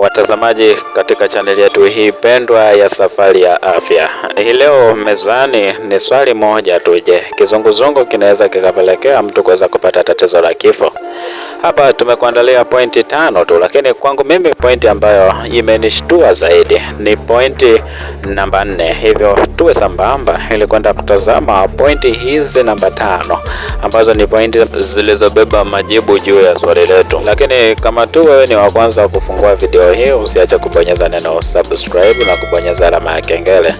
watazamaji katika chaneli yetu hii pendwa ya Safari ya Afya. Hii leo mezani ni swali moja tu. Je, kizunguzungu kinaweza kikapelekea mtu kuweza kupata tatizo la kifo? Hapa tumekuandalia pointi tano tu, lakini kwangu mimi pointi ambayo imenishtua zaidi ni pointi namba nne. Hivyo tuwe sambamba ili kwenda kutazama pointi hizi namba tano ambazo ni pointi zilizobeba majibu juu ya swali letu. Lakini kama tu wewe ni wa kwanza kufungua video hii, usiache kubonyeza neno subscribe na kubonyeza alama ya kengele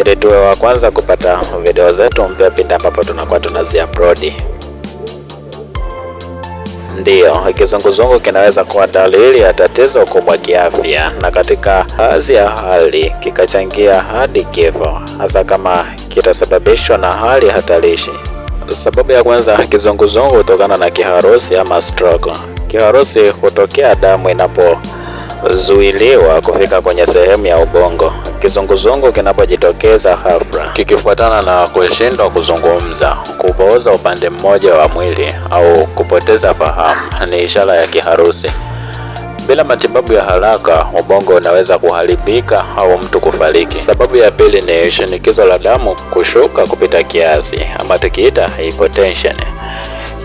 ili tuwe wa kwanza kupata video zetu mpya pindi ambapo tunakuwa tunazi upload. Ndiyo, kizunguzungu kinaweza kuwa dalili ya tatizo kubwa kiafya, na katika baadhi ya hali kikachangia hadi kifo, hasa kama kitasababishwa na hali hatarishi. Sababu ya kwanza, kizunguzungu hutokana na kiharusi ama stroke. Kiharusi hutokea damu inapozuiliwa kufika kwenye sehemu ya ubongo. Kizunguzungu kinapojitokeza ghafla kikifuatana na kushindwa kuzungumza, kupooza upande mmoja wa mwili au kupoteza fahamu ni ishara ya kiharusi. Bila matibabu ya haraka, ubongo unaweza kuharibika au mtu kufariki. Sababu ya pili ni shinikizo la damu kushuka kupita kiasi ama tukiita hypotension.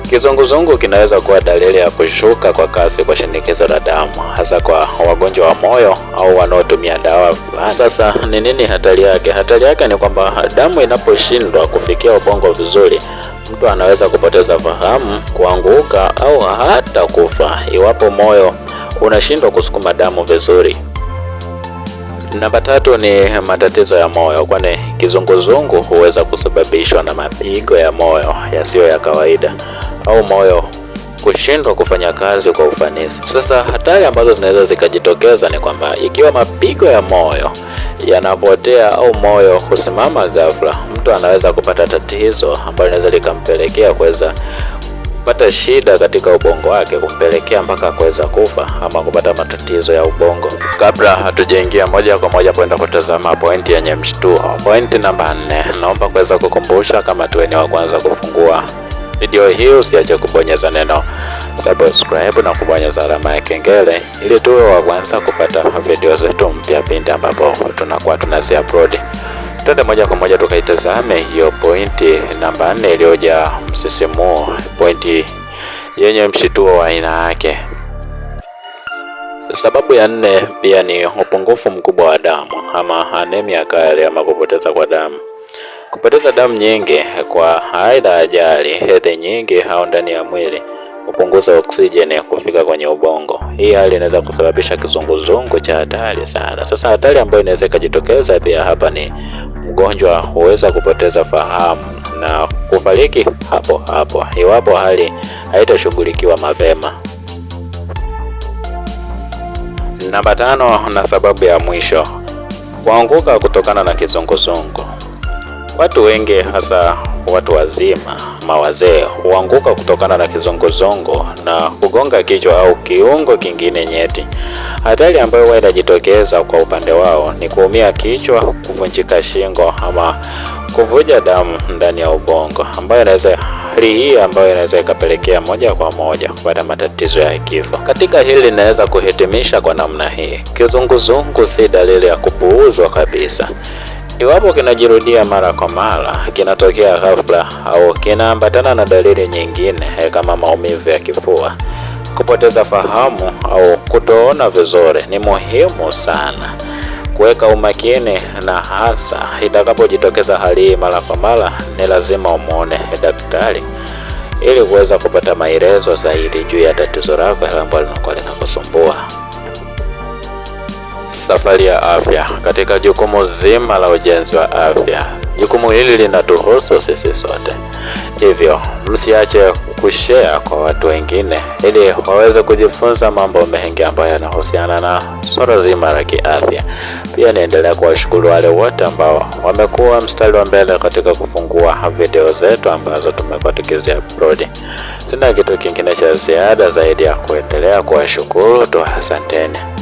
Kizunguzungu kinaweza kuwa dalili ya kushuka kwa kasi kwa shinikizo la damu, hasa kwa wagonjwa wa moyo au wanaotumia dawa fulani. Sasa ni nini hatari yake? Hatari yake ni kwamba damu inaposhindwa kufikia ubongo vizuri, mtu anaweza kupoteza fahamu, kuanguka au hata kufa iwapo moyo unashindwa kusukuma damu vizuri. Namba tatu ni matatizo ya moyo, kwani kizunguzungu huweza kusababishwa na mapigo ya moyo yasiyo ya kawaida au moyo kushindwa kufanya kazi kwa ufanisi. Sasa hatari ambazo zinaweza zikajitokeza ni kwamba ikiwa mapigo ya moyo yanapotea au moyo husimama ghafla, mtu anaweza kupata tatizo ambalo linaweza likampelekea kuweza kupata shida katika ubongo wake kumpelekea mpaka kuweza kufa ama kupata matatizo ya ubongo. Kabla hatujaingia moja kwa moja kwenda kutazama pointi yenye mshtuo, pointi namba nne, naomba kuweza kukumbusha kama ni wa kwanza kufungua video hii usiache kubonyeza neno subscribe na kubonyeza alama ya kengele ili tuwe wa kwanza kupata video zetu mpya pindi ambapo tunakuwa tunazi upload. Tuende moja kwa moja tukaitazame hiyo pointi namba nne iliyoja msisimuo pointi yenye mshituo wa aina yake. Sababu ya nne pia ni upungufu mkubwa wa damu ama anemia kali ama kupoteza kwa damu. Kupoteza damu nyingi kwa aidha ajali, hedhi nyingi au ndani ya mwili kupunguza oksijeni ya kufika kwenye ubongo. Hii hali inaweza kusababisha kizunguzungu cha hatari sana. Sasa hatari ambayo inaweza ikajitokeza pia hapa ni mgonjwa huweza kupoteza fahamu na kufariki hapo hapo iwapo hali haitashughulikiwa mapema. Namba tano, na sababu ya mwisho, kuanguka kutokana na kizunguzungu. Watu wengi hasa watu wazima mawazee huanguka kutokana na kizunguzungu na kugonga kichwa au kiungo kingine nyeti. Hatari ambayo huwa inajitokeza kwa upande wao ni kuumia kichwa, kuvunjika shingo ama kuvuja damu ndani ya ubongo, ambayo inaweza hali hii ambayo inaweza ikapelekea moja kwa moja kupata matatizo ya kifo. Katika hili inaweza kuhitimisha kwa namna hii, kizunguzungu si dalili ya kupuuzwa kabisa. Iwapo kinajirudia mara kwa mara, kinatokea ghafla au kinaambatana na dalili nyingine eh, kama maumivu ya kifua, kupoteza fahamu au kutoona vizuri, ni muhimu sana kuweka umakini, na hasa itakapojitokeza hali hii mara kwa mara, ni lazima umuone daktari ili kuweza kupata maelezo zaidi juu ya tatizo lako ambalo linakuwa linakusumbua safari ya afya katika jukumu zima la ujenzi wa afya. Jukumu hili linatuhusu sisi sote, hivyo msiache kushare kwa watu wengine ili waweze kujifunza mambo mengi ambayo yanahusiana na swala zima la kiafya. Pia niendelea kuwashukuru wale wote ambao wamekuwa mstari wa mbele katika kufungua video zetu ambazo tumekuwa upload. Sina kitu kingine cha ziada zaidi ya kuendelea kuwashukuru tu. Asanteni.